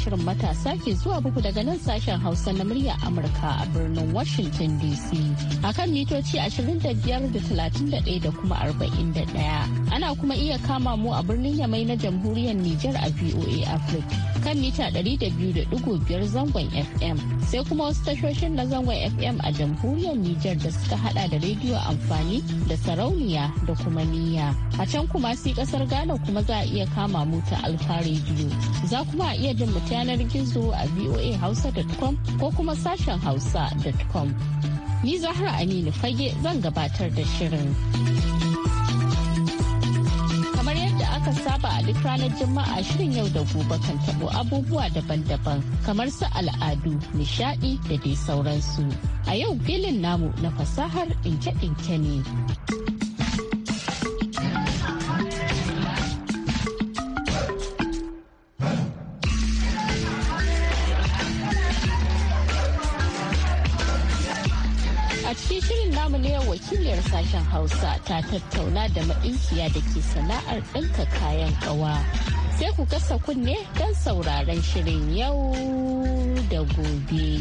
shirin matasa ke zuwa buku daga nan sashen Hausa na murya Amurka a birnin Washington DC. Akan mitoci 25.31 da da kuma 41. Ana kuma iya kama mu a birnin Yamai na jamhuriyar Niger a VOA Africa. kan mita 200.5 zangon FM sai kuma wasu tashoshin na zangon FM a jamhuriyar Nijar da suka hada da rediyo amfani da sarauniya da kuma niyya. A can kuma sai kasar Ghana kuma za a iya kama mu ta Alfa Radio. Za kuma a iya jin mu yanar gizo a voa Hausa.com ko kuma sashen hausa.com. Ni Zahra Aminu Fage zan gabatar da shirin. saba a duk ranar Juma'a shirin yau da gobe kan tabo abubuwa daban-daban kamar su al'adu, nishaɗi da dai sauransu. A yau filin namu na fasahar ɗinke-ɗinke ne. wakiliyar sashen hausa ta tattauna da maɗinkiya da ke sana'ar ɗinka kayan ƙawa sai ku kasa kunne don sauraron shirin yau da gobe.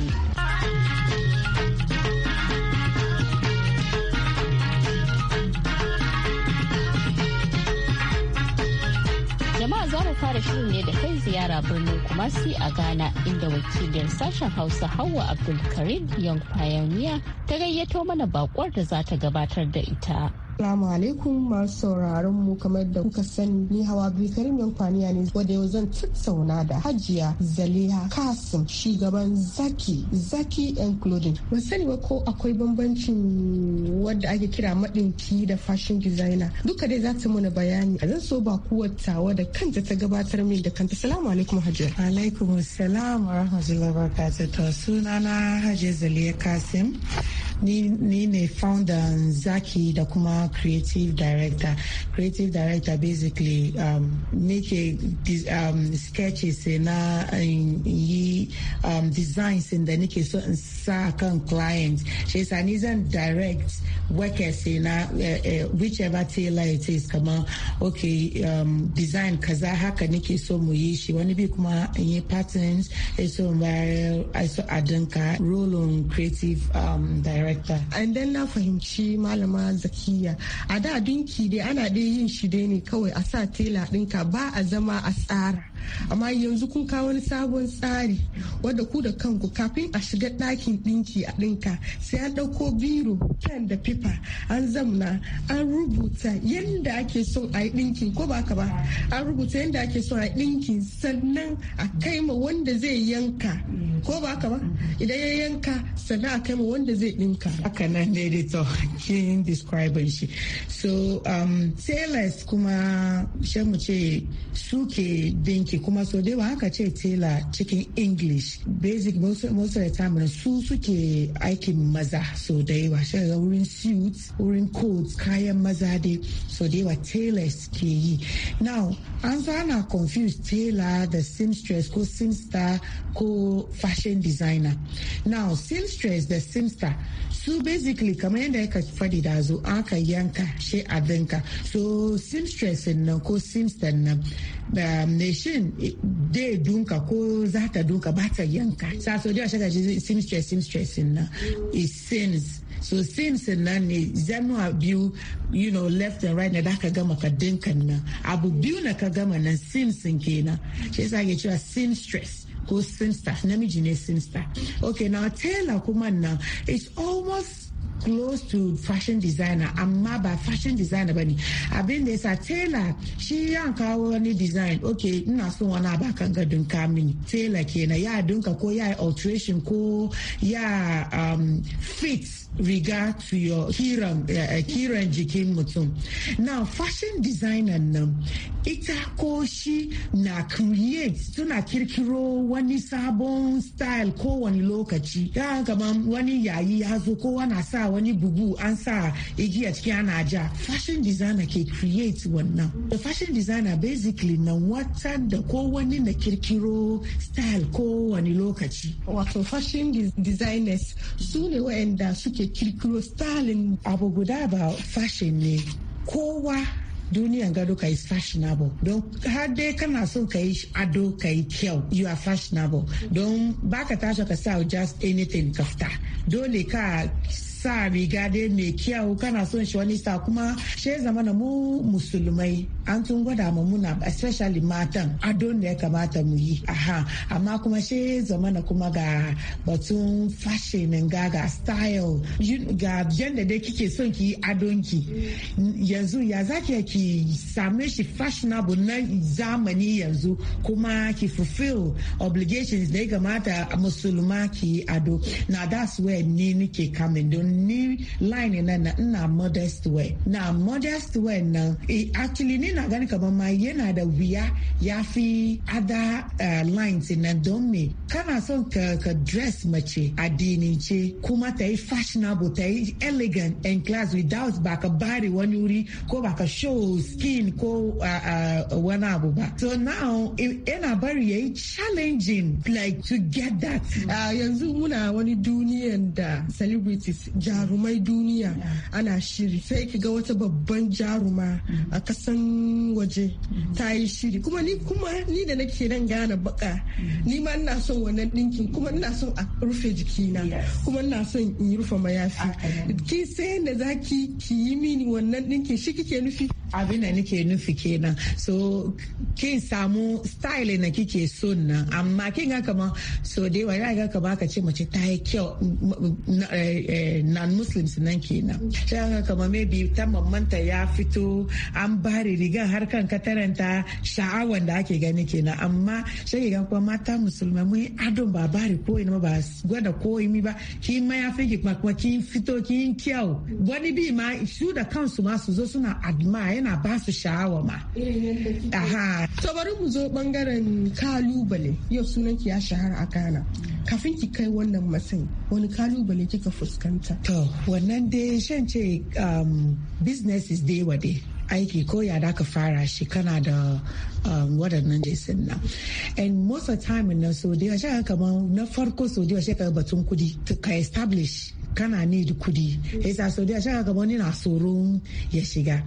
za mu fara shirin ne da kai ziyara birnin Kumasi a Ghana inda wakilin sashen Hausa hawa Abdulkarim Young Pioneer ta gayyato mana bakwar da za ta gabatar da ita. Assalamu alaikum masu sauraron mu kamar da kuka sani ni hawa biyu karim kwaniya ne wadda yau zan tattauna da hajiya zaliha kasim shugaban zaki zaki and clothing ban sani ko akwai bambancin wadda ake kira madinki da fashion designer duka dai za ta mana bayani a zan so ba kuwatawa da kanta ta gabatar min da kanta salamu alaikum hajiya alaikum assalam wa rahmatullahi wa barakatuh sunana hajiya zaliha kasim ni ne founder zaki da kuma creative director creative director basically um, make um, sketches na yi um, designs da nake so in sa kan client she yasa ni zan direct workers na uh, uh, whichever tailor it is kamar okay um, design kaza haka nike so mu yi shi wani bi kuma in yi patterns eh, so in role on creative um, director director and then na fahimci malama zakiya a da dinki dai ana dai yin shi dai ne kawai a sa tela dinka ba a zama a tsara amma yanzu kun kawo wani sabon tsari wadda ku da kanku kafin a shiga ɗakin ɗinki a ɗinka sai an ɗauko biro pen da pipa an zamna an rubuta yadda ake son a yi ɗinkin ko ba ka ba an rubuta yadda ake son a yi ɗinkin sannan a kai ma wanda zai yanka ko ba ka ba idan ya yanka sannan a kai ma wanda zai ɗinka. haka nan ne dai to kin describe shi so um, tailors kuma shan mu ce su ke ɗinki aiki kuma so da haka ce tela cikin english basic most of the time su suke aikin maza so da yawa shi ga wurin suits wurin coats kayan maza dai so da yawa tailors ke yi now an zo ana confuse tailor da seamstress ko seamster ko fashion designer now seamstress da seamster su basically kamar yadda aka faɗi da zo aka yanka shi abinka so seamstress nan ko seamster nan mai um, shin dai dunka ko za ta dunka ba ta yanka sa so da shaka seamstress seamstress na it sins so sins na ne zanu biyu you know left and right na da ka gama ka dinka nan abu biyu na ka gama na sims kenan shi yasa ke cewa stress ko simster namiji ne simster okay now tailor kuma na it's almost close to fashion designer amma ba fashion designer ba ne abin da yasa tailor shi yan kawo wani design ok ina so wani abu kan ga dunka mini tailor kenan ya dunka ko ya alteration ko ya um, fit riga to your kiran eh, eh, jikin mutum na fashion designer nan ita ko shi na create suna kirkiro wani sabon style kowane lokaci ya kamar wani yayi ya zo kowa na sa wani bugu an sa igiya cikin ana ja fashion designer ke create wannan da fashion designer basically na wata da ko wani na kirkiro style ko wani lokaci wato fashion designers su ne wa'anda suke kirkiro style abu guda ba fashion ne kowa duniyan gado ka is fashionable don har dai kana so ka yi ado ka yi kyau you are fashionable don baka tashi ka sa just anything ka fita dole ka sa riga dai mai kyau kana son shi wani sa kuma shi zama na mu musulmai an tun gwada ma muna especially matan adon da ya kamata mu yi aha amma kuma shi zama na kuma ga batun fashion ga ga style ga yadda dai kike son ki adon adonki yanzu ya zaki ki same shi fashionable na zamani yanzu kuma ki fulfill obligations da ya kamata musulma ki ado na that's where ni nike kamin don ni line na na ina modest way na modest way na e actually ni na gani kamar ma yana da wuya ya fi other uh, lines na don me kana son ka, ka dress mace addinince kuma ta fashionable ta elegant and class without back ka body one wuri ko ba ka show skin ko uh, uh, wani abu so now in a ya yi challenging like to get that mm. uh, yanzu muna wani duniyan da celebrities jarumai duniya ana shiri sai ki ga wata babban jaruma mm-hmm. a kasan waje mm-hmm. ta yi shiri kuma ni kuma ni da nake nan gane baka mm-hmm. ni ma ina son wannan dinkin kuma ina son a rufe jikina kuma ina son in rufe mayafi ki sai da zaki ki yi mini wannan dinkin shi kike nufi abin da nake nufi kenan so kin samu style na kike son nan amma kin ga kamar so dai wa ya ga kamar ka ce mace ta yi kyau eh, eh, nan muslims nan kenan shaka kama maybe ta mamanta ya fito an bari rigan har kan kataranta sha'awar da ake gani kenan amma shake ga kuma mata musulma mun adon ba bare ko ina ba gwada ko imi ba ki ma ya fi kuma kuma ki fito ki kyau wani bi ma su da kansu ma su zo suna adma yana ba su sha'awa ma aha to bari mu zo bangaren kalubale yau sunan ya shahara a kana. kafin ki kai wannan matsayi wani kalubale kika fuskanta to wannan dai shan ce um, businesses dai wa dai aiki ko ya da ka fara shi kana da um, waɗannan jesin na and most of the time na so da yawa kamar na farko so da batun kudi ka establish kana need kudi sa so da shi kamar ni na tsoron ya shiga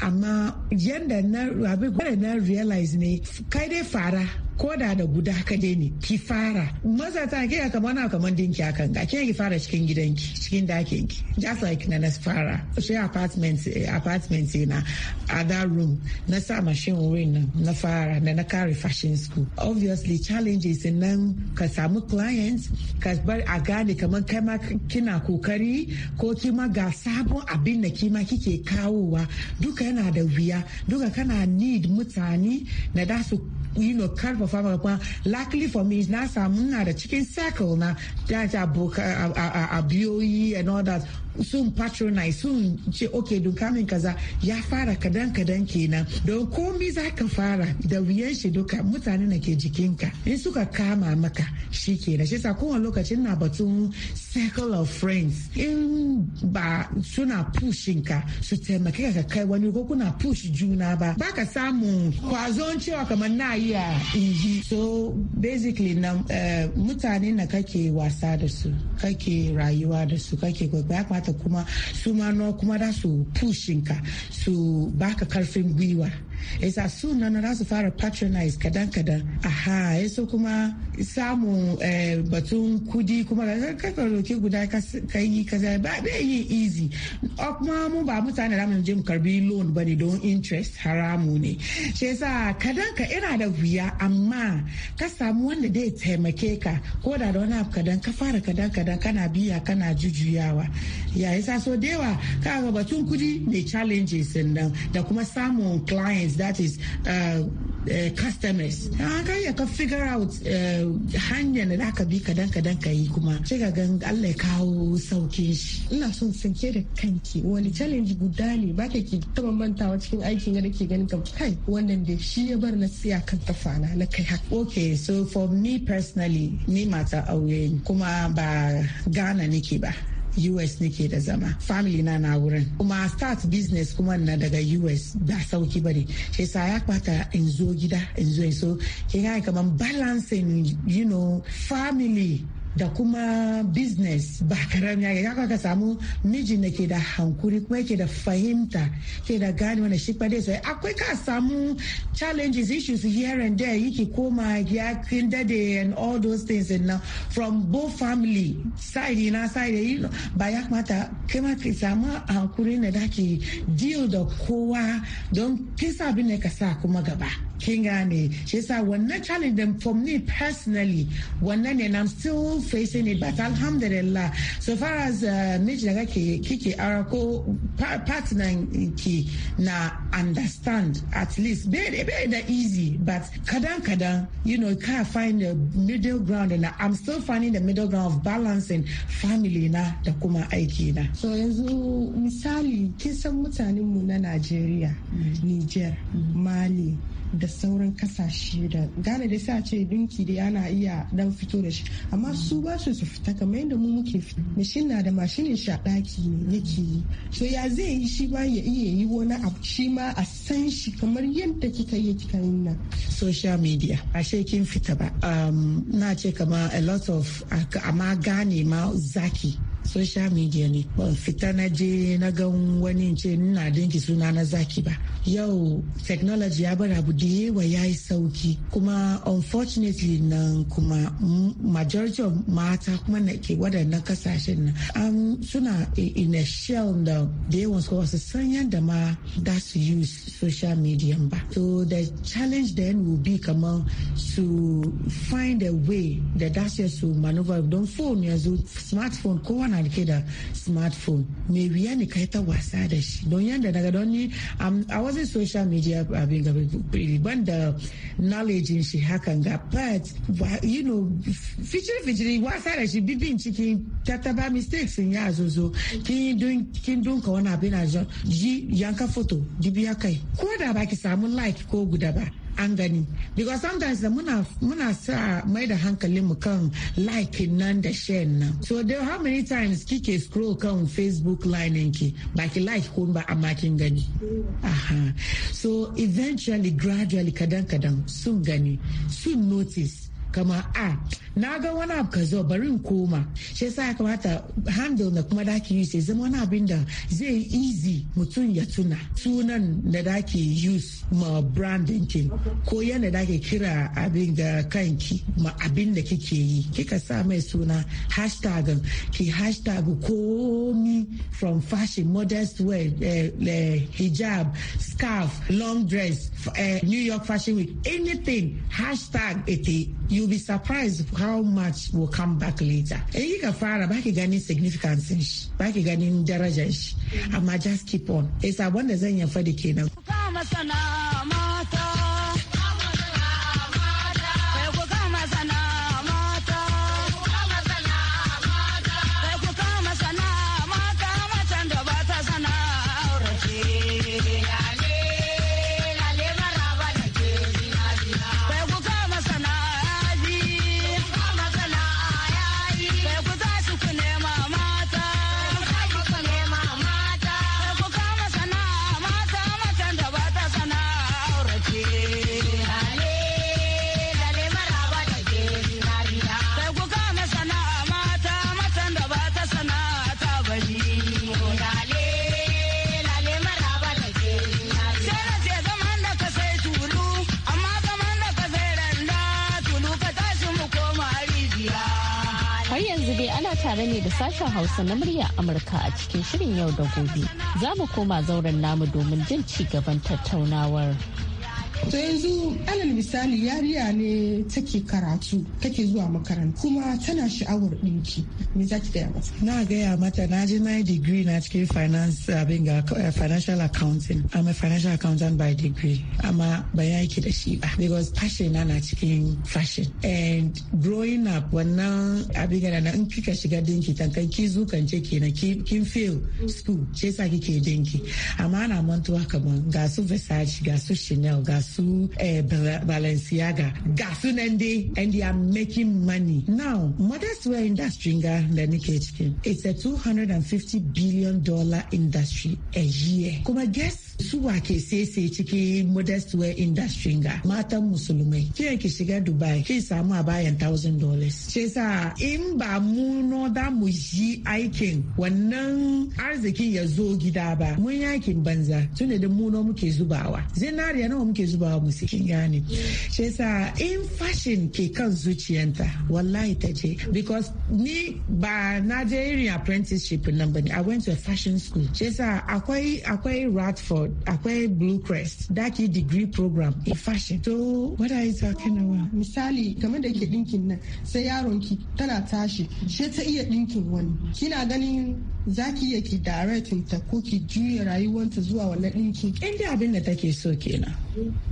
amma yanda na abin na realize ne kai dai fara ko da da guda dai ne ki fara maza ta ke ka na kamar dinki akan ga ki fara cikin gidanki cikin dakin ki just like na na fara sai apartment eh, apartment na other room na sa machine wurin nan na fara na na kare fashion school obviously challenges in nan ka samu clients ka bar a gane kamar kai ma kina kokari ko kima ga sabon abin da kima kike kawowa duka yana da wuya duka kana need mutane na da su yi no karfa fama kuma luckily for me na samu na da cikin circle na da abokan abiyoyi and all that sun patronize sun ce ok dukamin kaza ya fara kadan kadan kenan don komi za ka fara da wuyan shi duka mutane na ke jikinka in suka kama maka shi kenan shi sa kowane lokacin na batun circle of friends in ba suna pushin ka su taimake ka kai wani ko kuna push juna ba baka samu kwazon cewa kamar na iya inji so basically na eh, mutane na kake wasa da su kake rayuwa da su kake gwagwa haka kuma su ma kuma za su pushinka su baka karfin gwiwa yasa su nan za su fara patronize kadan kadan aha yaso kuma samun eh, batun kudi kuma da eh, ka roki guda ka yi kaza ba bai yi easy kuma mu ba mutane da mu je mu karbi loan bane don interest haramu ne shi yasa kadan ka ina da wuya amma ka samu wanda zai taimake ka ko da da wani abu kadan ka fara kadan kadan kana biya kana jujuyawa ya yasa so dewa ka batun kudi mai challenges nan da kuma samun client clients that is uh, Uh, customers an ah, ka ka figure out uh, hanyar da aka bi kadan kadan ka yi kuma ce ga gan Allah ya kawo saukin shi ina son sanke da kanki wani challenge guda ne ba ke taba mantawa cikin aikin da ke ganin kam kai wannan da shi ya bar na siya kan kafana na kai haka okay so for me personally ni mata aure kuma ba gana nake ba US nake da zama family na na wurin kuma start business kuma na daga US ba sauki bane sai sa ya kwata in zo gida in zo in so kin ga kaman balancing you know family da kuma business ba karami ya kaka ka samu mijin da ke da hankuri kuma yake da fahimta ke da gani wani shi dai sai akwai ka samu challenges issues here and there yake koma ya kin dade and all those things and now from both family side na side you ba ya kamata kai ma ki samu hankuri na da ke deal da kowa don kisa abin ne ka sa kuma gaba she said, "We're not challenge them for me personally not, and I'm still facing it but alhamdulillah so far as uh, miji da kake kike ara ki now understand at least very, very easy but kadan kadan you know you can't find the middle ground and I'm still finding the middle ground of balancing family na the kuma aiki so yanzu misali kin san mutanen mu na Nigeria, mm. Niger mm. Mali da sauran kasashe da gane da sa ce dinki da ana iya dan fito da shi amma su ba su su fita kamar yadda mu muke mashin na da mashinin shi a daki ne yake yi so ya zai yi shi ba ya iya yi wani abu shi ma a san shi kamar yadda kika yi kika yi nan social media ashe kin fita ba um, na ce kama a lot of amma gane ma zaki social media ne ban fita na je na ga wani ce ina dinki suna na zaki ba yau technology ya bar abu da yawa ya yi sauki kuma unfortunately nan kuma majority of mata kuma na ke waɗannan kasashen nan suna in a shell da da yawan su wasu san yadda ma da su use social media ba so the challenge then will be kamar su find a way da da su maneuver don phone yanzu smartphone kowane kana rike da smartphone mai wuya ne kai ta wasa da shi don yadda daga don ni a um, wasu social media abin gaba ban da knowledge shi hakan ga but you know fijiri fijiri wasa da shi bibin ciki ta taba mistakes in ya zozo kin dunka wani abin a ji yanka foto dibiya kai ko da baki samun like ko guda ba an gani because sometimes da muna muna sa mai da hankali mu kan like nan da share nan so there how many times kike scroll kan facebook line ki ba ki like ko ba amma kin gani aha so eventually gradually kadan kadan sun gani sun notice kama a ah, na ga wani abu ka zo bari in koma shi yasa ya kamata handle na kuma daki use ya zama wani abin da zai easy mutum ya tuna sunan na daki use ma branding kin ko yana ke kira abin da kanki ma abin da kike yi kika sa mai suna hashtag ki hashtag komi from fashion modest wear eh, eh hijab scarf long dress eh, new york fashion week anything hashtag ite you you'll be surprised how much will come back later eh, in kika fara baki ganin significance shi baki ganin darajar shi amma just keep on isa da zan ya da kenan masana tare ne da sashen Hausa na murya Amurka a cikin shirin yau da gobe. Za mu koma zauren namu domin jin ci gaban tattaunawar. to yanzu alal misali yariya ne take karatu take zuwa makaranta kuma tana sha'awar ɗinki me za ki gaya mata na gaya mata na je na degree na cikin finance abin ga eh, financial accounting i'm a financial accountant by degree amma ba ya yi da shi ba because passion na na cikin fashion and growing up wannan abin ga na in kika shiga dinki tankan ki kan zukance kenan kin fail school shi sa kike dinki amma ana mantuwa kaman ga su Versace ga su Chanel ga su To eh, Balenciaga. Gasunende, and they are making money. Now, mothers wear industry It's a $250 billion industry a year. Come guess su ke sese ciki modest wear industry ga matan musulmai kiyan ki shiga dubai ki samu a bayan thousand dollars shi sa in ba mu no da mu yi aikin wannan arzikin ya zo gida ba mun yakin banza tunda da mu no muke zubawa zinariya nawa muke zubawa mu sikin gane shi sa in fashion ke kan zuciyanta wallahi ta ce because ni ba Nigerian apprenticeship nan ba ne i went to a fashion school shi sa akwai akwai radford akwai blue crest daki degree program in fashion to what are you talking about misali kamar da ke dinkin nan sai yaron ki tana tashi she ta iya dinkin wani kina ganin zaki iya ki directing ta ko ki juya rayuwanta zuwa wannan dinkin inda abin da take so kenan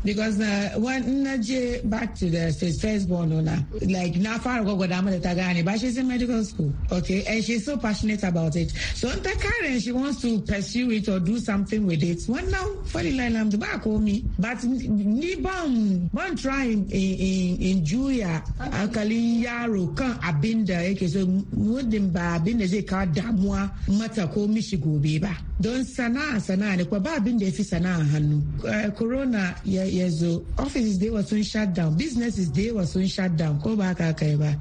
because uh, when na back to the first born owner, like not far ago, mata ta but she's in medical school okay and she's so passionate about it so in current, karen she wants to pursue it or do something with it wannan falilai lamdu ba komi but ni ban ban try in in juya hankalin yaro kan abin Abinda, yake eh, so muddin ba abin da zai kawo damuwa mata ko mishi gobe ba don sana, sana'a ne kwa ba abin da ya corona ya zo offices da yawa sun shut down businesses da yawa sun shut down ko ba haka kai ba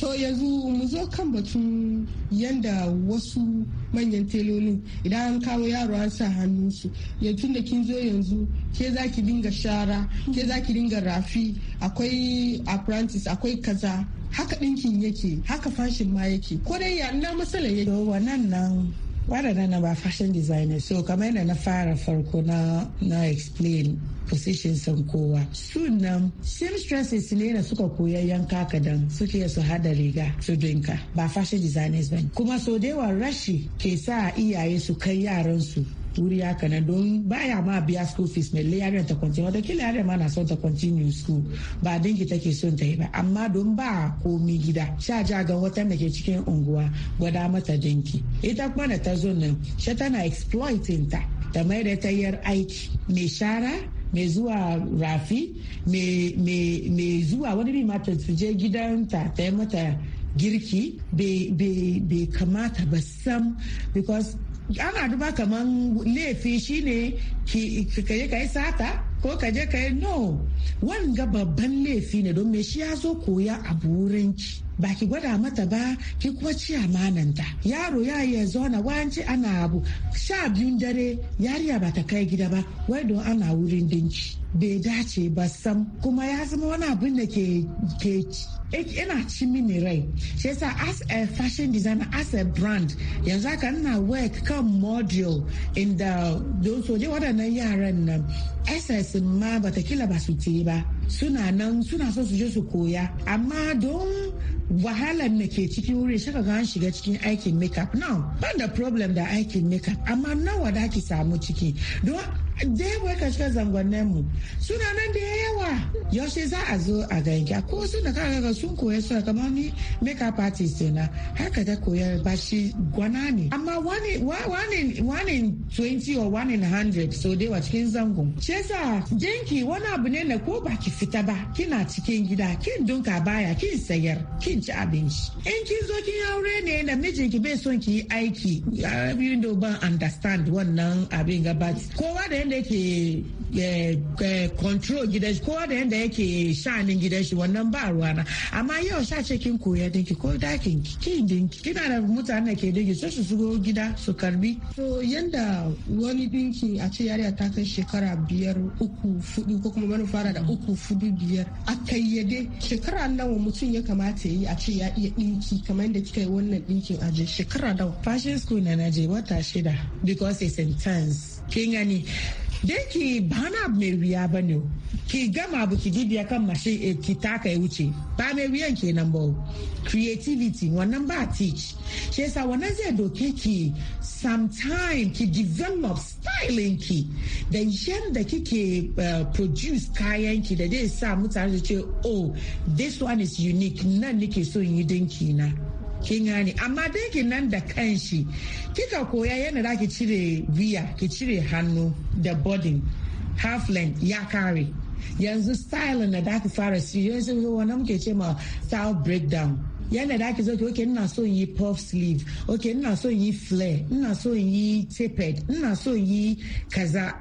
so yanzu mu zo kan batun yanda wasu manyan telolin idan an kawo yaro an sa hannun su yanzu da kin zo yanzu ke za ki dinga shara ke za ki dinga rafi akwai apprentice akwai kaza haka dinkin yake haka fashin ma yake ko dai ya na matsalar yake wannan nan waɗannan na ba fashion designer so kamar yadda na fara farko na na explain position san kowa sunan seamstresses ne na suka koya yanka kadan suke su hada riga su dinka ba fashion designers ba kuma so da rashi ke sa iyaye su kai yaran su turi haka nan don baya ma biya school fees mai layarin ta kwanci watakila yare ma na son ta continue school ba dinki take son ta yi ba amma don ba komi gida sha ja ga watan da ke cikin unguwa gwada mata dinki ita kuma da ta zo nan shi tana exploiting ta ta mai da ta yar aiki mai shara mai zuwa rafi mai zuwa wani bi mata su je gidanta ta yi mata girki bai kamata ba sam because ana duba kaman laifi shine ki kai sata ko ka je ka yi no wanga babban laifi ne don me shi ya zo koya a burinki ba ki gwada mata ba ki kuma ci amananta yaro ya iya zauna wanci ana abu sha biyun dare yariya ba ta kai gida ba wai don ana wurin dinki bai dace ba sam kuma ya zama wani abin da ke ke ina e, ci mini rai shi yasa as a fashion designer as a brand yanzu haka ina work kan model in the don soje waɗannan yaran nan ss darasin ma kila ba su ce ba suna nan suna so su je su koya amma don wahalar da ke cikin wuri shaka ga shiga cikin aikin makeup now ban da problem da aikin makeup amma nawa da ki samu ciki don dewa ka shiga zangonnen mu suna nan da yawa yaushe za a zo a ganki ko suna kaga sun koya suna kamar ni up artist na haka ta koya ba shi gwana ne amma wani wani in 20 or wani 100 so dewa cikin zangon shi janki jinki wani abu ne na ko ba ki fita ba kina cikin gida kin dunka baya kin sayar kin ci abinci in kin zo kin aure ne mijin ki bai son ki yi aiki you know ban understand wannan abin gaba kowa da yadda yake eh, eh, control gidan shi kowa da yadda yake shanin gidan shi wannan ba na amma yau sha ce kin koya dinki ko dakin kin dinki kina da mutane ke dinki sai su shigo gida su karbi to yanda wani dinki a ce yariya ta kai shekara biyar uku fudu ko kuma fara da uku fudu biyar a kayyade shekara nawa mutum ya kamata yi a ce ya iya dinki kamar yadda kika yi wannan dinkin aje shekara nawa fashion school na naje wata shida because it's intense kin gani dai ki bana mai wuya ba ne ki gama bu ki dibiya kan mashin e eh, ki taka ya wuce ba mai wuyan kenan ba creativity wannan ba teach shi yasa wannan zai doke ki sometime ki develop styling ki da yanda kike uh, produce kayan ki da zai sa mutane ce oh this one is unique nan nake so yi dinki na kin gane amma dinkin nan da kanshi kika koya yana da ki cire biya ki cire hannu da bodin half length ya kare yanzu style na da ki fara su yanzu wani muke ce ma style breakdown yana da ki zoke oke ina so yi puff sleeve oke ina so yi flare ina so yi tapered ina so yi kaza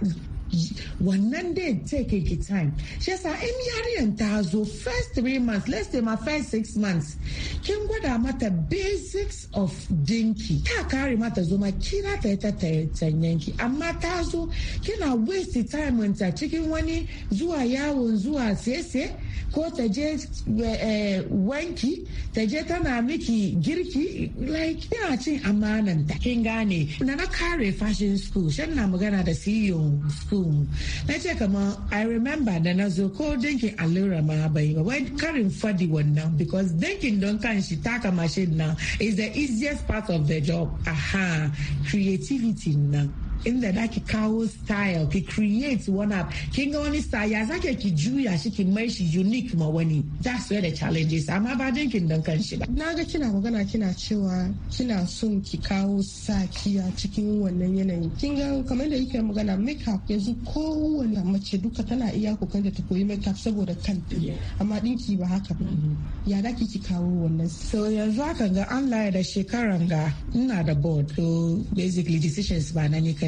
wannan dai take ki time shi yasa in yarin ta zo first three months let's say ma first six months kin gwada mata basics of dinki ta kare mata zo ma kina ta ta tanyanki amma ta zo kina waste time ta cikin wani zuwa yawon zuwa sese ko ta je eh, eh, wanki ta je tana miki girki like kina cin amanan ta kin gane na na kare fashion school shan na magana da CEO school school na ce kamar i remember da as zo ko dinkin allura ma why ba wai karin fadi wannan because dinkin don kan shi taka mashin now is the easiest part of the job aha creativity now. inda da ki kawo style ki create one app kin ga wani style ya zake ki juya shi ki mai shi unique ma wani that's where the challenges amma ba dinkin dan kan shi ba na ga kina magana kina cewa kina son ki kawo saki a cikin wannan yanayin kin ga kamar da yake magana makeup yanzu kowane mace duka tana iya kokarin ta koyi makeup saboda kanta amma dinki ba haka ba mm-hmm. ya da ki kawo wannan so yanzu haka ga an laye da shekaran ga ina da board so basically decisions ba na ni kai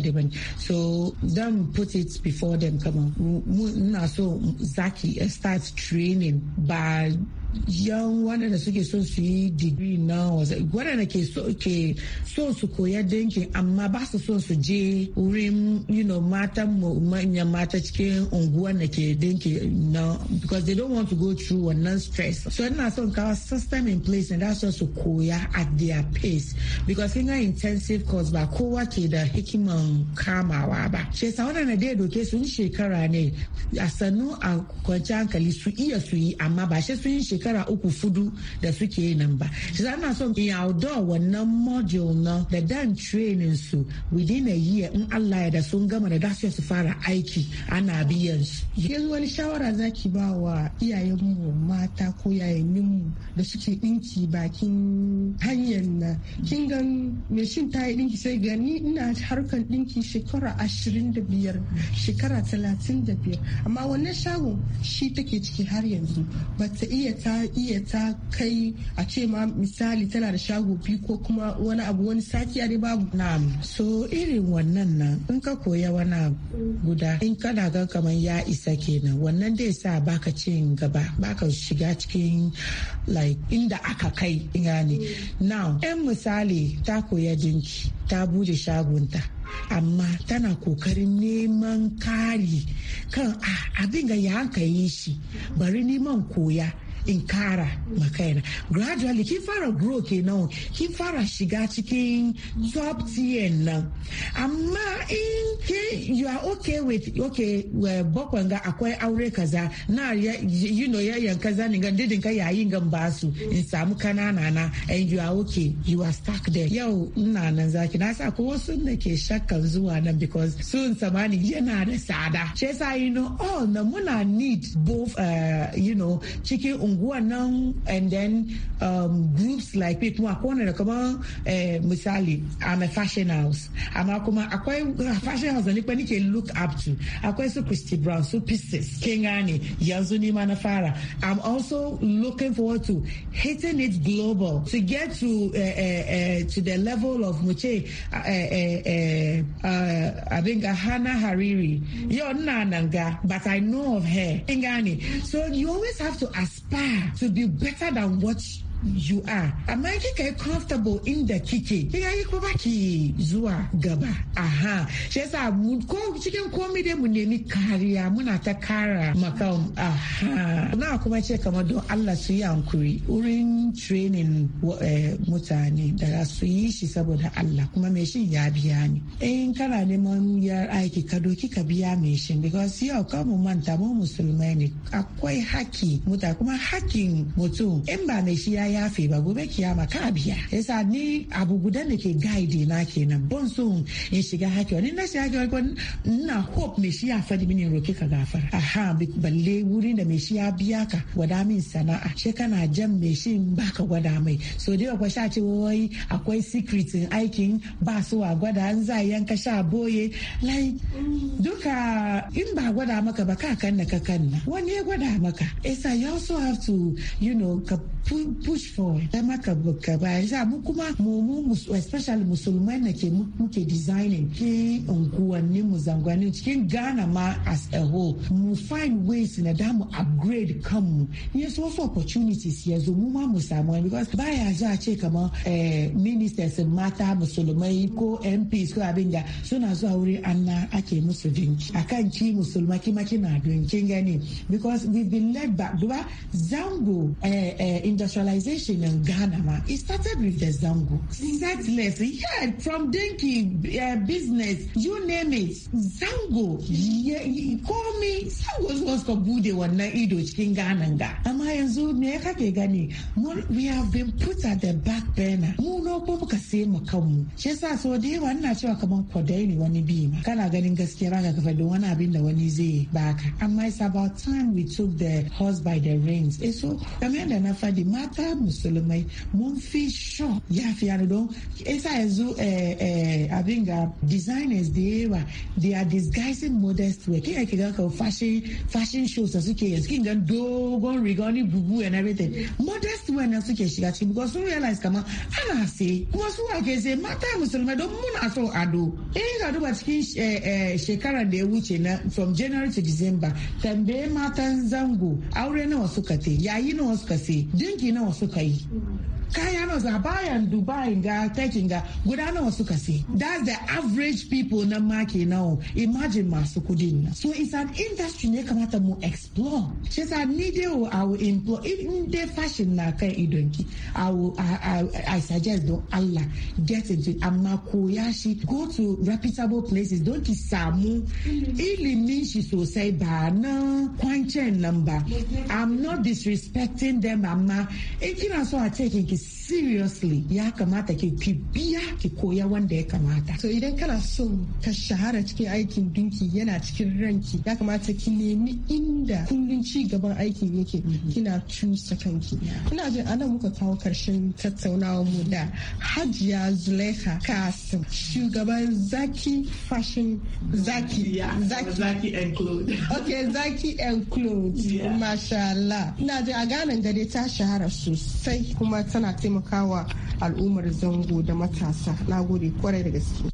so them put it before them come on. so zaki eh, starts training by yan waɗanda suke son su yi digiri na waɗanda ke so su koya dinkin amma ba su son su je wurin you know mata manyan mata cikin unguwar da ke dinki na because they don't want to go through wannan stress so ina son kawo system in place and that's su koya at their pace because kin intensive course ba kowa ke da hikiman kamawa ba shi yasa waɗanda dai doke sun shekara ne a sannu a kwanci hankali su iya su yi amma ba shi sun yi shekara uku fudu da suke nan ba shi ana son yaudo wannan module na da dan training su within a year in Allah ya da sun gama da da su fara aiki ana biyan su yanzu wani shawara zaki ba wa iyayenmu mata ko yayaninmu da suke dinki bakin hanyar na kin gan me shin ta yi dinki sai gani ina harkan dinki shekara ashirin da biyar shekara talatin da biyar amma wannan shagon shi take ciki har yanzu ba ta iya ta ta iya ta kai a ce ma misali tana da shago biyu ko kuma wani abu wani sati a babu na'am so irin wannan nan in ka koya wani guda in kana ga kamar ya isa kenan wannan dai sa baka cin gaba baka shiga cikin like inda aka kai gane now yan misali ta koya dinki ta bude shagunta amma tana kokarin neman kari kan ah, abin ga ya shi bari neman koya in kara makaina gradually kin fara grow kenan kin fara shiga cikin top tier nan amma in ke you are okay with okay bakwan ga akwai aure kaza na you know yayan kaza ne ga didin ka yayin gan basu in samu kanana na and you are okay you are stuck there yau ina nan zaki na sa ko wasu da ke shakkan zuwa nan because sun samani yana da tsada shi yasa you know all oh, na muna need both uh, you know chicken. unguwan and then um, groups like people akwai wanda da kamar eh, misali I'm a fashion house i'm kuma akwai fashion house da nipa nike look up to akwai su Christy Brown su Pisces kin gane yanzu ni ma na fara I'm also looking forward to hitting it global to get to uh, uh, uh, to the level of muce abin uh, ga hana Hariri yau ina nan ga but I know of her kin gane so you always have to aspire to be better than what you are amma kika yi comfortable inda kike kika yi ko ki zuwa gaba aha shi yasa ko cikin komai dai mu nemi kariya muna ta kara maka aha na kuma ce kamar don Allah su yi hankuri wurin training eh, mutane da su yi shi saboda Allah kuma mai shin ya biya ni in kana neman yar aiki ka doki ka biya mai shin because yau ka mu manta mu musulmai ne akwai haki muta kuma hakin mutum in ba mai shi ya yafe ba gobe kiyama ka biya yasa ni abu guda ne ke guide na kenan bon so in shiga haki wani na shiga haki wani na hope me shi ya fadi mini roki ka gafara aha balle wurin da me shi ya biya ka gwada min sana'a she kana jan me shi baka gwada mai so dai akwai sha ce wai akwai secret aikin ba su a gwada an za yanka sha boye like duka in ba gwada maka ba ka kanna ka kanna wani ya gwada maka yasa you also have to you know ka push push ta maka ka ba mu kuma mu mu especially musulmai na ke muke designing ke unguwanni mu zangwani cikin Ghana ma as a whole mu find ways na da mu upgrade kanmu yes wasu opportunities ya zo mu ma mu samu wani because baya za a ce kamar eh, ministers mata musulmai ko MPs ko abin da suna zuwa wurin anna ake musu dinki akan ki musulmai ki ma kina dinkin gani because we've been led back duba zango eh, eh, industrialization organization in Ghana, ma, it started with the Zango. Setless, yeah, from Dinky uh, eh, business, you name it. Zango, yeah, he called me. Zango was kabude wana ido cikin Am I Amma yanzu me ya kake gani? We have been put at the back burner. Mu na ko muka sai mu kanmu. Shi yasa so da yawa ina cewa kaman kwadai ne wani bi ma. Kana ganin gaskiya ba ka faɗi wani abin da wani zai baka. Amma it's about time we took the horse by the reins. Eh so kamar yadda na faɗi mata musulmai mun fi sho fi yana don isa yanzu eh, eh, abin ga designers da yawa they are disguising modest wear kin ake ga fashion fashion shows da suke yanzu kin gan dogon riga ni bubu and everything modest wear na suke shiga ciki because sun realize kamar ana se kuma su ke se mata musulmai don muna so ado in ka duba cikin eh, shekarar da ya wuce na from january to december tambaye matan zango aure nawa suka te yayi nawa suka se dinki nawa suka suka yi kaya na za bayan dubai ga turkey ga guda that's the average people na ma now. imagine masu kudin na so it's an industry ne kamata mu explore shi sa ni de i will employ in the fashion na kan i will i, I, I suggest don Allah get into amma koya go to reputable places don ki samu mm-hmm. ilimin shi sosai ba na kwancen number. i'm not disrespecting them amma in so a ce is seriously ya kamata ki ki biya ki koya wanda ya kamata to idan kana so ka shahara cikin aikin dinki yana cikin ranki ya kamata ki nemi inda kullun ci gaban aikin yake mm-hmm. kina cusa kanki ina jin anan muka kawo karshen tattaunawa mu da Hajiya Zulaiha Kasim shugaban Zaki Fashion Zaki Zaki and Clothes okay Zaki and Clothes masha ina jin a ganin gade ta shahara sosai kuma tana taimaka taimakawa al'ummar zango da matasa na kwarai da gaske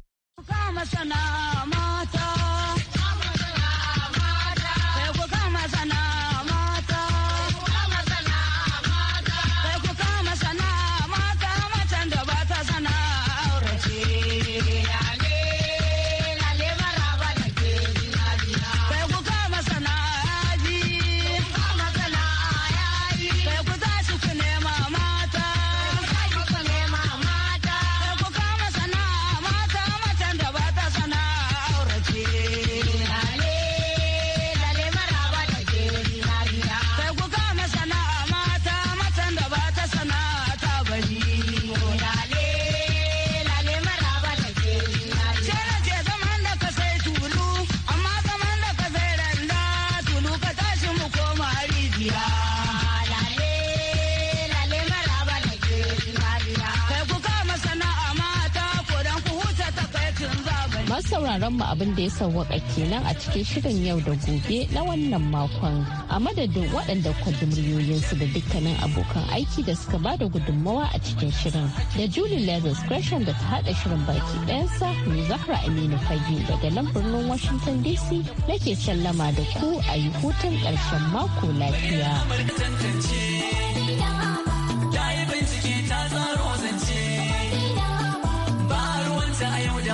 da ya sauwaka kenan a cikin shirin yau da gobe na wannan makon a madadin waɗanda muryoyinsu da dukkanin abokan aiki da suka ba da gudunmawa a cikin shirin da julie lagos gresham da ta haɗa shirin baki ɗayansa mai zahra aminu fage daga nan birnin washington dc nake sallama da ku a yi hutun ƙarshen mako lafiya.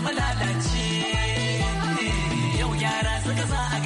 malalace.